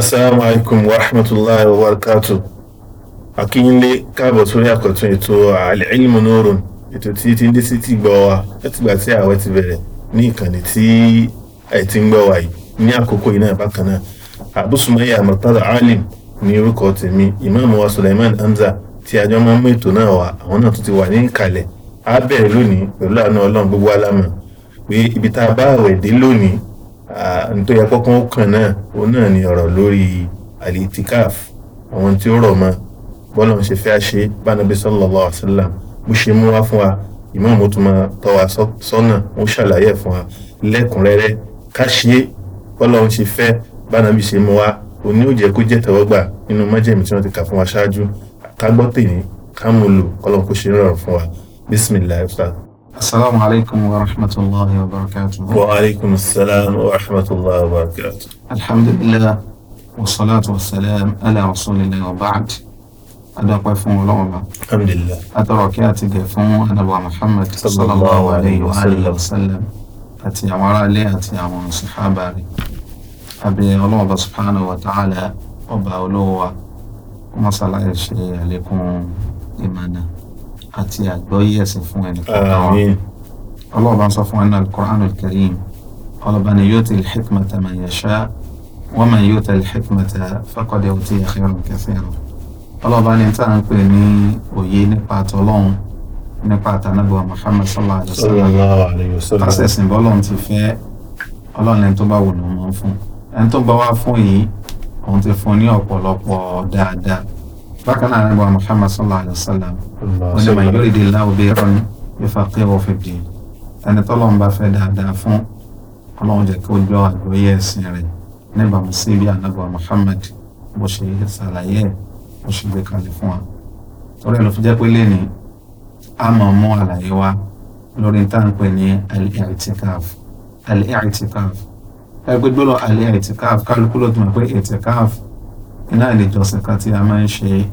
asalaamu alaykum wa rahmatulahi wa barakatu akínyínlé káàbọ̀ sórí àkọ́tún ètò al-ilmu nurun ètò tí ti ń dé sí ti gbọ́ wa látìgbà tí ààwẹ̀ ti bẹ̀rẹ̀ ní ìkànnì tí ẹ̀ ti ń gbọ́ wa yìí ní àkókò yìí bákan náà àbúsùmáyà murtada alim ní orúkọ tèmi ìmáàmù wa suleiman hamza tí a jọ máa ń mú ètò náà wá àwọn náà tún ti wà ní ìkàlẹ̀ á bẹ̀rẹ̀ lónìí pẹ̀lú àánú ọlọ́run gbogbo alámọ̀ pé ibi tá a bá àwẹ̀ dé lónìí tó yẹ kọ́kọ́ ó kàn náà òun náà ni ọ̀rọ̀ lórí alitikaf àwọn tí ó rọ̀ mọ́ bọ́lá ń ṣe fẹ́ ṣe bánabi sallallahu alaihi wasallam bó ṣe mú wá fún wa ìmáàmù tó máa tọ́ wa sọ́nà ó ṣàlàyé fún wa lẹ́kùnrẹ́rẹ́ ká ṣe bọ́lá ń ṣe fẹ́ bánabi ṣe mú wa òní ò jẹ́ kó jẹ́ tẹ̀wọ́gbà nínú májèmí tí wọ́n ti kà fún wa ṣáájú ká gbọ́ tèmi ká mú lò kọ́lọ́n kó ṣe rọrùn fún wa bisimilayi السلام عليكم ورحمة الله وبركاته وعليكم السلام ورحمة الله وبركاته الحمد لله والصلاة والسلام على رسول الله وبعد أدى قفون الحمد لله أتركات قفون أنا أبو محمد صلى, الله, الله عليه وآله وسلم أتي عمراء لي أتي عمراء صحابة أبي الله سبحانه وتعالى وبأولوه ومصلى الشيء عليكم إيمانا àti àgbọ́yé ẹ̀sìn fún ẹnì kọ̀ọ̀kan wa ọlọ́run bá ń sọ fún wa nínú alukur'an alkarim ọlọ́ba ni yóò ti lè xikmata man yasha wọ́n man yóò ti lè xikmata faqad utiya khayran kathiran ọlọ́ba ni tá à ń pè ní òye nípa tọ́lọ́run nípa àtànàbọ̀ Muhammad sallallahu alayhi wa sallam tásẹ̀sìn bọ́lọ́run ti fẹ́ ọlọ́run bákan náà nàbọ muhammad sallallahu alayhi wa sallam wọn man yuridillahu bihi yufaqihu fid-din ẹni tọ́lọ́run bá fẹ́ dáadáa fún ọlọ́run jẹ́ kí ó gbọ́ àgbọ́yé ẹ̀sìn rẹ̀ níbàámu sí bí ànábọ̀ muhammad bó ṣe ṣàlàyé ẹ̀ bó ṣe gbé kalẹ̀ fún wa torí ẹ̀ ló fi jẹ́ pé lé ní a máa mú àlàyé wa lórí táǹpẹ̀ ní al-i'tikaf al-i'tikaf ẹgbẹ́ gbọ́dọ̀ al-i'tikaf kálukú ló ti mọ̀ pé i'tikaf náà lè jọsìn kan tí a máa ń ṣe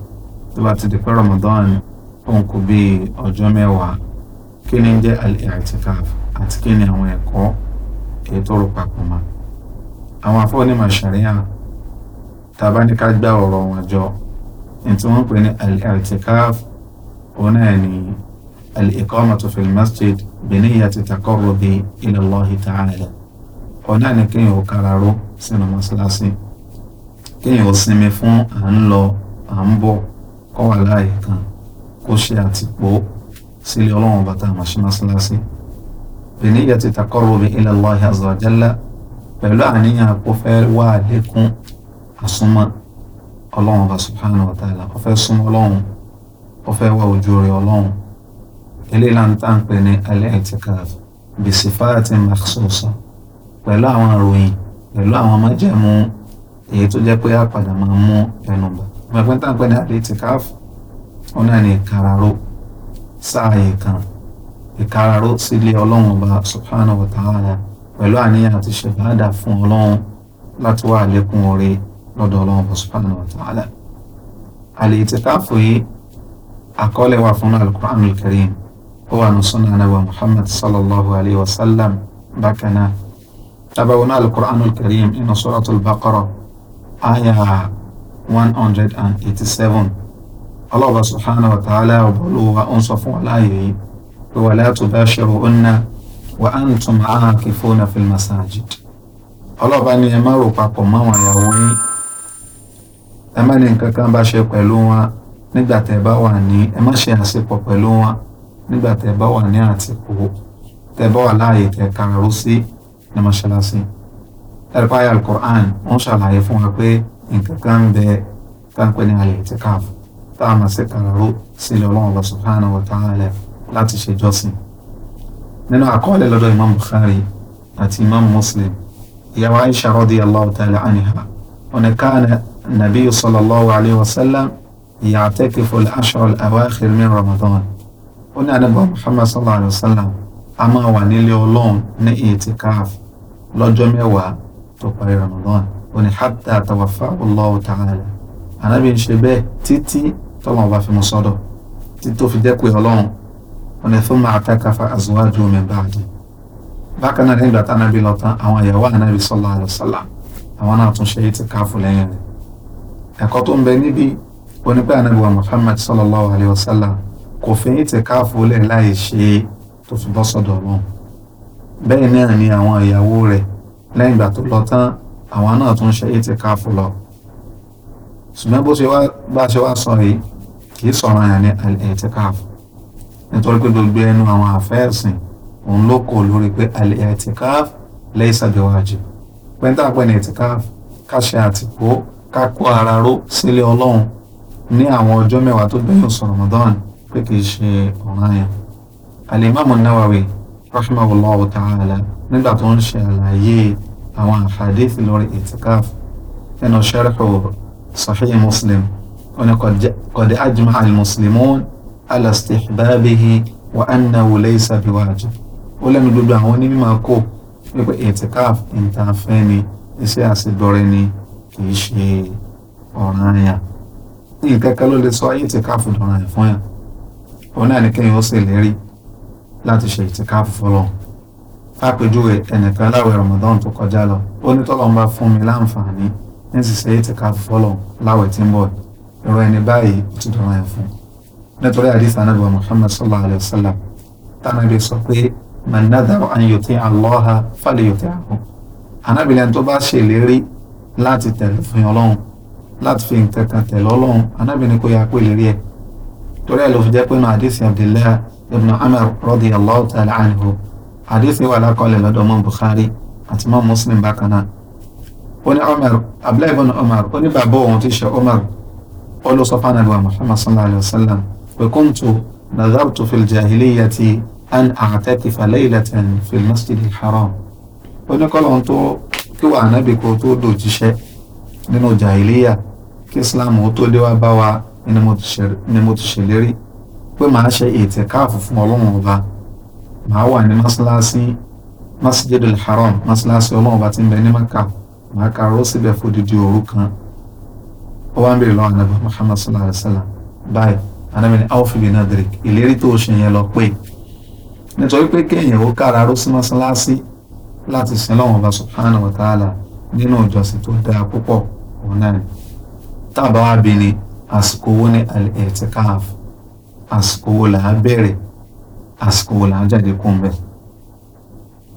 tó bá ti di pé Ramadan òun kò bí ọjọ́ mẹ́wàá kí ni jẹ́ al-i'tikaf àti kí ni àwọn ẹ̀kọ́ èyí tó rò papọ̀ mọ́ àwọn afọ́nímọ̀ ṣàríà tàbá ní ká gbá ọ̀rọ̀ wọn jọ ní tí wọ́n ń pè ní al-i'tikaf òun náà ni al-iqamatu fil masjid bi niyyati taqarrubi ila Allah ta'ala òun náà ni kéèyàn ó kára ró sínú mọ́ṣáláṣí kéèyàn ó sinmi fún à ń lọ à ń bọ̀ kọ́ wà láàyè kan kó ṣe àtìpó sílé ọlọ́run bàtà àmàṣe mọ́ṣáláṣí bìníyà ti takọ́rọ̀ bí ila Allah azza wa jalla pẹ̀lú àníyàn kó fẹ́ wá àlékún àsúnmọ́ ọlọ́run bá subhanahu wa ta'ala ó fẹ́ súnmọ́ ọlọ́run ó fẹ́ wá ojú rẹ̀ ọlọ́run eléyìí là ń ń pẹ̀lú àwọn ìròyìn pẹ̀lú àwọn májẹ̀mú èyí tó jẹ́ pé a padà máa mú ẹnu bá ọmọ ẹgbẹ́ tá à ń pè ní al-i'tikaf ó náà ní ìkararó sáàyè kan ìkararó sílé ọlọ́run ọba subhanahu wa ta'ala pẹ̀lú àníyàn àti ṣèbáàdà fún ọlọ́run láti wá àlékún oore lọ́dọ̀ ọlọ́run ọba subhanahu wa ta'ala al-i'tikaf yìí àkọọ́lẹ̀ wà fún al-Qur'an ó wà ní sunnah aya 187. hundred and eighty-seven ọlọ́ọ̀bá subhanahu wa ta'ala ọ̀bọ̀lùwà ń sọ fún aláàyè yìí pé wala tubashiruhunna wa antum aakifuna fil masajid ọlọ́ọ̀bá ni ẹ má rò papọ̀ máwọn ìyàwó yín ẹ má ní nǹkan kan bá ṣe pẹ̀lú wọn nígbà tẹ́ bá wà ní ẹ má ṣe àṣepọ̀ pẹ̀lú wọn nígbà tẹ́ bá wà ní àtìkù tẹ́ bá wà láàyè tẹ́ kàrú sí ní mọ́ṣáláṣí ẹ̀rọ pa alukur'an wọ́n ṣàlàyé fún wa pé nǹkan kan ń bẹ táǹpẹ́ ní al-i'tikaf tá a máa ṣe kàràró sílẹ̀ ọlọ́run subhanahu wa ta'ala láti ṣe jọ́sìn. nínú àkọọ́lẹ̀ lọ́dọ̀ imam bukhari àti imam muslim ìyá wa aisha radiyallahu ta'ala anha ọ̀nà káàna nabi sallallahu alayhi wa sallam ya'takifu al-ashr al-awakhir min ramadan ó ní àdàbọ̀ muhammad sallallahu lọ́jọ́ mẹ́wàá parí Ramadan ó ní hatta tawaffa Allahu ta'ala ànábì ń ṣe bẹ́ẹ̀ títí tọ́lọ́wọ́n bá fi mú sọ́dọ̀ títí tó fi dẹ́kun ọlọ́run ó ní thumma i'takafa azwajuhu min ba'di bákan náà nígbà tá ànábì lọ tán àwọn ìyàwó ànábì sallallahu alaihi wasallam àwọn náà tún ṣe ìtìkáfù lẹ́yìn rẹ̀ ẹ̀kọ́ tó ń bẹ níbi onípẹ́ ànábì wa Muhammad sallallahu alaihi wasallam kò fi ìtìkáfù lẹ̀ láì ṣe tó fi bọ́ sọ́dọ̀ ọlọ́run bẹ́ẹ̀ náà ni àwọn ìyàwó rẹ̀ lẹ́yìn ìgbà tó lọ tán àwọn náà tún ṣe ìtìkáfù lọ ṣùgbọ́n bó ṣe wá bá ṣe wá sọ yìí kì í sọ̀rọ̀ yẹn ní al-i'tikaf nítorí pé gbogbo ẹnu àwọn àfẹ́ẹ̀sìn òun ló kò lórí pé al-i'tikaf laysa biwajib pẹ́ńtà pé ní i'tikaf ká àtìkó ká ara ró sílé ọlọ́run ní àwọn ọjọ́ mẹ́wàá tó gbẹ̀yìn oṣù Ramadan pé kì í ṣe ọ̀ranyàn al-Imam an-Nawawi rahimahullahu ta'ala nígbà tó ń ṣe àlàyé àwọn àhàdíìsì lórí ìtìkáf nínú ṣẹ́rẹ̀kù sahih muslim wọn qad ajma'a al-muslimun ala istihbabihi wa annahu laysa biwajib ó lẹ́nu gbogbo àwọn onímọ̀ kò wípé ìtìkáf ìtàfẹ́ ni iṣẹ́ àṣegbọ́rẹ́ ni kì í ṣe ọ̀ranyàn nǹkan kan ló lè sọ ìtìkáfù dọ̀ranyàn fún yàn òun náà ni kéèyàn ó ṣèlérí láti ṣe ìtìkáfù fọlọ́run lápèjúwe ẹnìkan aláwẹ̀ Ramadan tó kọjá lọ ó ní tọ́lọ́run bá fún mi láǹfààní ní ṣiṣẹ́ ètò káfí fọ́lọ́run láwẹ̀ tí ń bọ̀ ìrọ̀ ẹni báyìí ó ti dọ̀rọ̀ ẹ̀ fún nítorí àdìsá náà bá Muhammad sallallahu alayhi wa sallam tánàbí sọ pé man nadhara an yuti'a Allaha falyuti'hu tó bá ṣèlérí láti tẹ̀lé fún ọlọ́run láti fi nǹkan kan tẹ̀lé ọlọ́run anábìlẹ̀ kò yá pé lérí ẹ̀ torí ẹ̀ ló fi jẹ́ pé nù àdìsí Abdullah ibn Umar radiyallahu ta'ala anhu hadith wà lákọọ́lẹ̀ lọ́dọ̀ mọ́ Bukhari àti mọ́ Muslim bákan náà ó ní Umar abdullahi ibn Umar ó ní bàbá òun ti ṣe Umar ó ló sọ fún àdúrà Muhammad sallallahu alayhi wa sallam pé kuntu nadhartu fil jahiliyyati an a'takifa laylatan fil masjid al-haram ó ní kọ́lọ́hún tó kí wà ánábì kó tó dòjíṣẹ́ nínú jahiliya kí Islam ó tó dé wá bá wa ni mo ti ṣèlérí pé màá ṣe ètè káàfù fún ọlọ́run ọba màá wà ní mọ́ṣáláṣí masjidul haram mọ́ṣáláṣí ọlọ́run bá ti ń bẹ ní maka màá ka arọ́ síbẹ̀ fòdìdí òru kan ó wá ń bèrè lọ́wọ́ ànábì muhammad sallallahu alayhi wa sallam báyìí ànábì ní awfi bi nadrik ìlérí tó o ṣe yẹn lọ pé nítorí pé kéèyàn ó kára arọ́ sí mọ́ṣáláṣí láti sin lọ́wọ́n bá subhanahu wa ta'ala nínú ìjọsìn tó dáa púpọ̀ òun náà tábà wá bi àsìkò wo ni al-i'tikaf àsìkò wo là bẹ̀rẹ̀ àsìkò wo là ń jáde kó ń bẹ̀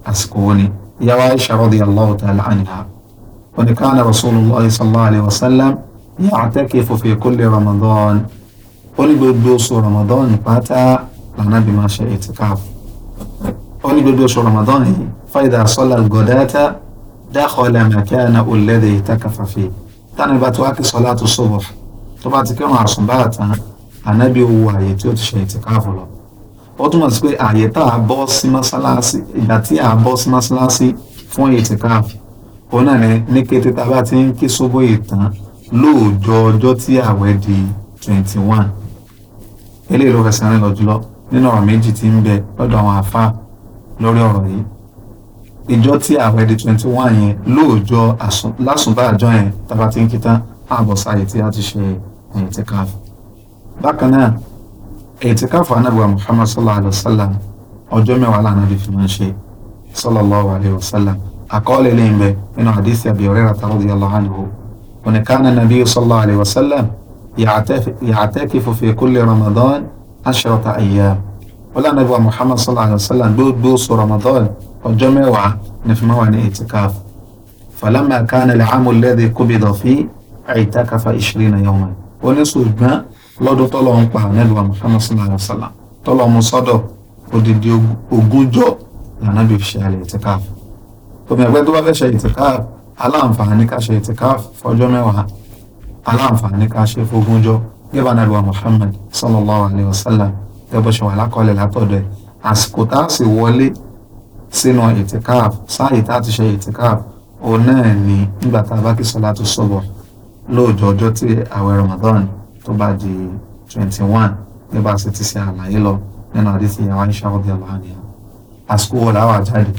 àsìkò wo ni ìyá wa Aisha radiyallahu ta'ala anha ó ní kana rasulullah sallallahu alayhi wa sallam ya'takifu fi kulli ramadan ó ní gbogbo oṣù ramadan pátá lànà bí máa ṣe ìtìkáàfù ó ní gbogbo oṣù ramadan yìí fàyidà sọlá gọdáta dakhala makana alladhi i'takafa fi tani bá ti wá kí salatu subh tó bá ti kírun àsùnbáàtàn ànábì owó ààyè tí ó ti ṣe ìtìkáàfù lọ ó túmọ̀ sí pé àyè tá a bọ́ sí mọ́ṣáláṣí ìgbà tí a bọ́ sí mọ́ṣáláṣí fún ìtìkáàfù òun náà ni ní kété tá a bá ti ń kí sóbó ìtàn lóòjọ́ ọjọ́ tí àwẹ̀ di twenty one eléyìí ló kẹsàn-án lọ jùlọ nínú ọ̀rọ̀ méjì tí ń bẹ lọ́dọ̀ àwọn àfa lórí ọ̀rọ̀ yìí ìjọ tí àwẹ̀ di twenty one yẹn lóòjọ́ lásùnbà àjọ yẹn tá a bá ti ń kí tán àbọ̀sáyé tí a ti ṣe ìtìkáàfù bákan náà ètìkáfù anábìwá muhammad sallallahu alayhi wa sallam ọjọ́ mẹ́wàá lànà bí fi máa ń ṣe sallallahu alayhi wa sallam àkọọ́lẹ̀ lẹ́yìn bẹ́ẹ̀ nínú hadith abi hurayrata radiyallahu anhu òní kánà nabiyyu sallallahu alayhi wa sallam ya'takifu fi kulli ramadan ashrata ayyam wọ́n lànà bí wa muhammad sallallahu alayhi wa sallam gbogbo sọ ramadan ọjọ́ mẹ́wàá ní fi máa wà ní ètìkáfù falamma kánà al-'amu alladhi qubida fi i'takafa 20 yawman wọ́n ní ṣùgbọ́n lọ́dún tọ́lọ́ ń pa ànẹ́lùwà Muhammad sallallahu alayhi wa sallam tọ́lọ́ mu sọ́dọ̀ odidi ogúnjọ́ lànàbí fi ṣe àlẹ́ ìtìkáf tòmí ẹgbẹ́ tó bá fẹ́ ṣe ìtìkáf aláǹfààní ká ṣe ìtìkáf fọjọ́ mẹ́wàá aláǹfààní ká ṣe fógúnjọ́ gẹ́gẹ́ ànẹ́lùwà Muhammad sallallahu alayhi wa sallam gẹ́gẹ́ ṣe wà lákọọ́lẹ̀ látọ̀dọ̀ ẹ̀ àsìkò tá a sì wọlé sínú ìtìkáf sáàyè tá a ti ṣe ìtìkáf òun náà Ramadan tó bá di twenty one ní bá a ṣe ti ṣe àlàyé lọ nínú àdìsí àwọn Aisha radiyallahu anha àsìkò wo làwọn àjáde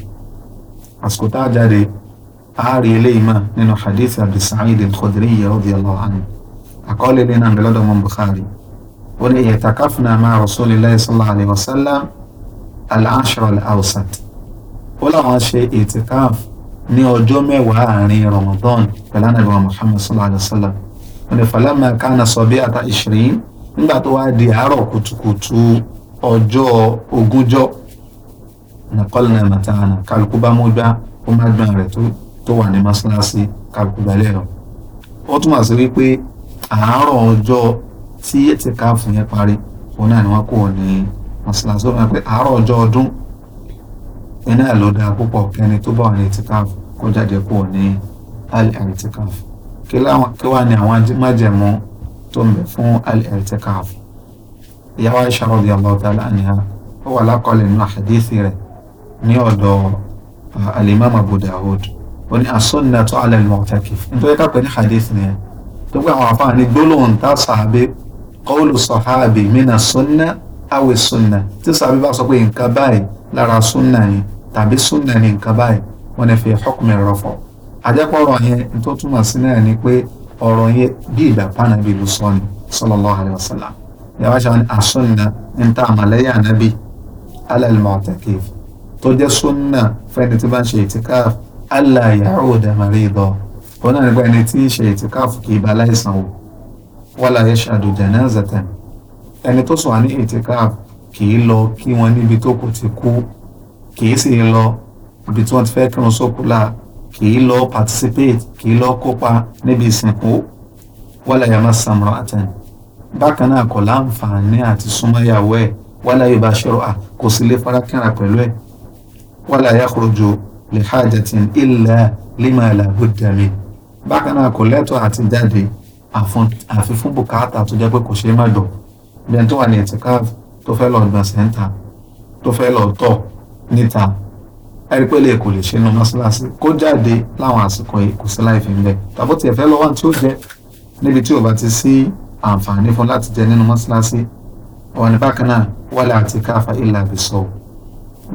àsìkò tá a jáde a rí eléyìí mọ́ nínú hadith Abi Sa'id al-Khudri radiyallahu anhu àkọọ́lẹ̀ lẹ́nu àmì lọ́dọ̀ mọ́ Bukhari ó ní i'takafna ma'a Rasulillahi sallallahu alayhi wa sallam al-ashr onífàlámà kánà sọ bí ata ìṣirin nígbà tó wá di àárọ̀ kùtùkùtù ọjọ́ ogúnjọ́ nàkọ́lìnà màtàánà kálukú bá mú gbá ó má gbọ́n rẹ̀ tó wà ní mọ́ṣáláṣí kálukú balẹ̀ rẹ̀ ó túmọ̀ sí wípé àárọ̀ ọjọ́ tí ètìká fún yẹn parí òun náà ni wọ́n kò ní mọ́ṣáláṣí ó máa pé àárọ̀ ọjọ́ ọdún iná ló dáa púpọ̀ kẹni tó bá wà ní ètìká kó jáde kó ní àlẹ́ àìtìká kí láwọn kí wàá ní àwọn májẹ̀mú tó ń bẹ fún al-i'tikaf ìyá wa Aisha radiyallahu ta'ala anha ó wà lákọọ́lẹ̀ nínú àhàdíìsì rẹ̀ ní ọ̀dọ̀ uh, al-imam Abu Dawud ó ní as-sunnatu 'ala al-mu'takif nítorí ká pè ní àhàdíìsì nìyẹn tó gbé àwọn afáà ní gbólóhùn tá sàábé qawlu sahabi mina sunna awi sunna tí sàábé bá sọ pé nǹkan báyìí lára sunna ni tàbí sunna ni nǹkan báyìí wọn ni fi hukmi rafa àjẹpọ̀rọ̀ yẹn tó túmọ̀ sí náà ni pé ọ̀rọ̀ yẹn bí ìgbà pàánà bí lu sọ ni sallallahu alaihi wasallam yàrá ṣe wọn àsọ̀nà ń ta àmàlẹ́yà nábì alẹ́lmọ̀tẹ́kìf tó jẹ́ sọ́nà fẹ́ni tí bá ń ṣe ìtìkáf aláyàwó dàmàrí ìdọ̀ òun náà nípa ẹni tí ń ṣe ìtìkáf kì í ba aláìsàn wò wọ́n láyé ṣàdùjà náà zẹ̀tẹ̀m kì í lọ participate kì í lọ kópa níbi ìsìnkú wala yamassa imra'atan bákan náà kò láǹfààní àti súnmọ́ ìyàwó ẹ̀ wala yubashiruha kò sì lè farakínra pẹ̀lú ẹ̀ wala yakhruju li hajatin illa lima la budda min bákan náà kò lẹ́tọ̀ àti jáde àfi fún bùkátà tó jẹ́ pé kò ṣeé má dọ̀ bẹ́ẹ̀ tó wà ní ìtìkáàf tó fẹ́ lọ gbọ̀nsẹ̀ níta tó fẹ́ lọ tọ̀ níta ẹ̀rípẹ́lẹ̀ kò lè ṣe nu mọ́ṣáláṣí kó jáde láwọn àsìkò yìí kò sí láì fi ń bẹ̀ tàbó tiẹ̀ fẹ́ lọ́wọ́ tí ó jẹ níbi tí ò bá ti sí àǹfààní fún láti jẹ nínú mọ́ṣáláṣí ọ̀wọ́n ní bákan náà wala àtikáfa illa àbísọ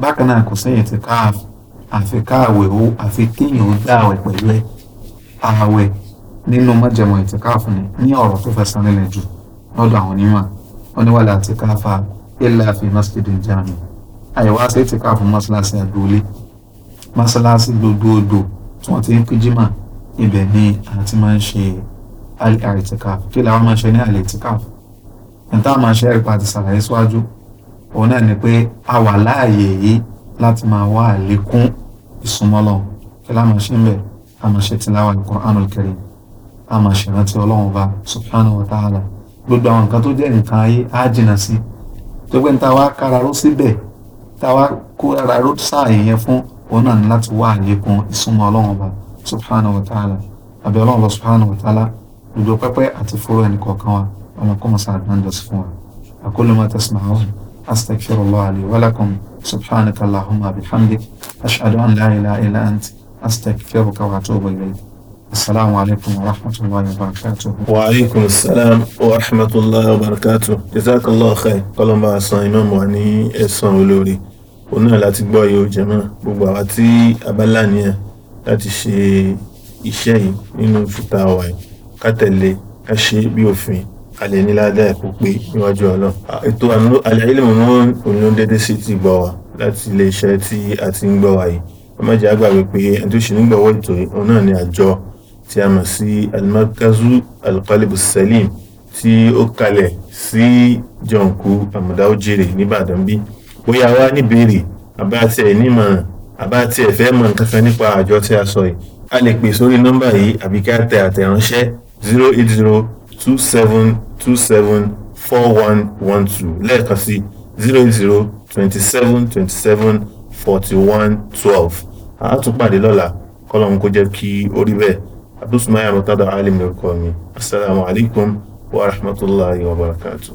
bákan náà kò sẹ́yìn ti káàf àfi káàwẹ̀ ó àfi kéèyàn ó dá àwẹ̀ pẹ̀lú ẹ̀ àwẹ̀ nínú májẹ̀mọ̀ ìtìkáàfù ni ní ọ̀rọ̀ tó fẹsẹ̀ nílẹ̀ jù lọ́dọ̀ àwọn onímọ̀ wọn ni wala àtikáfa illa fi masjidil jami àyẹ̀wò àṣẹ ìtìkáàfù mọ́ṣáláṣí gbogbogbò tí wọ́n ti ń pín jimá ibẹ̀ ni àti máa ń ṣe àìtìkáf kí làwọn máa ṣe ní àìtìkáf níta máa ṣe ẹ̀rí pàtì ṣàlàyé síwájú òun náà ni pé a wà láàyè yìí láti máa wá àlékún ìsúnmọ́lọ́hún kí la máa ṣe ń bẹ̀ a máa ṣe tìláwà al-Qur'anul Karim a máa ṣèrántí ọlọ́run bá subhanahu wa ta'ala gbogbo àwọn nǹkan tó jẹ́ nǹkan ayé á jìnnà sí i tó pé níta wá kára ró síbẹ̀ tá wá kó ara ró sáà yẹn fún òun náà ní láti wá àlékún ìsúnmọ́ ọlọ́run ọba subhanahu wa ta'ala àbí ọlọ́run ọba subhanahu wa ta'ala lójú pẹ́pẹ́ àti fúru ẹnì kọ̀ọ̀kan wa ọlọ́run kọ́ mọ̀sá àdánjọ́sí fún wa aqulu ma tasma'un astaghfirullah li wa lakum subhanaka allahumma bihamdik ashhadu an la ilaha illa ant astaghfiruka wa atubu السلام عليكم ورحمة الله وبركاته وعليكم السلام ورحمة الله وبركاته جزاك الله خير قال ما أصنع إمام وعني إصنع ولوري òun náà láti gbọ́ yìí ó jẹ́ mọ́ gbogbo àwa tí a bá láníyàn láti ṣe iṣẹ́ yìí nínú fúta wa yìí ká tẹ̀lé ká ṣe bí òfin alẹ́ ní ládàá ẹ̀kọ́ pé níwájú ọlọ́ ètò àlàyé lè mú òun ló ń dédé sí ti gbọ́ wa láti ilé iṣẹ́ tí a ti ń gbọ́ wa yìí ẹ má pé ẹni tó ṣe nígbàwọ́ ètò yìí òun náà ni àjọ tí a mọ̀ sí alimakazu alikalibu salim tí ó kalẹ̀ sí jọǹkú àmọ̀dáwó jèrè níbàdàn bíi bóyá wá níbèrè àbá tiẹ̀ nímọ̀ràn àbá tiẹ̀ fẹ́ mọ̀ nǹkan kan nípa àjọ tí a sọ yìí a lè pè sórí nọ́mbà yìí àbí ká tẹ àtẹ̀ránṣẹ́ zero eight zero two seven two seven four one one two lẹ́ẹ̀kan sí zero eight zero twenty seven twenty seven forty one twelve a tún pàdé lọ́la kọ́lọ́hún kó jẹ́ kí ó rí bẹ́ẹ̀ abdulsumaya mutada alim lórúkọ mi asalaamualeykum wa rahmatulahi wa barakatu.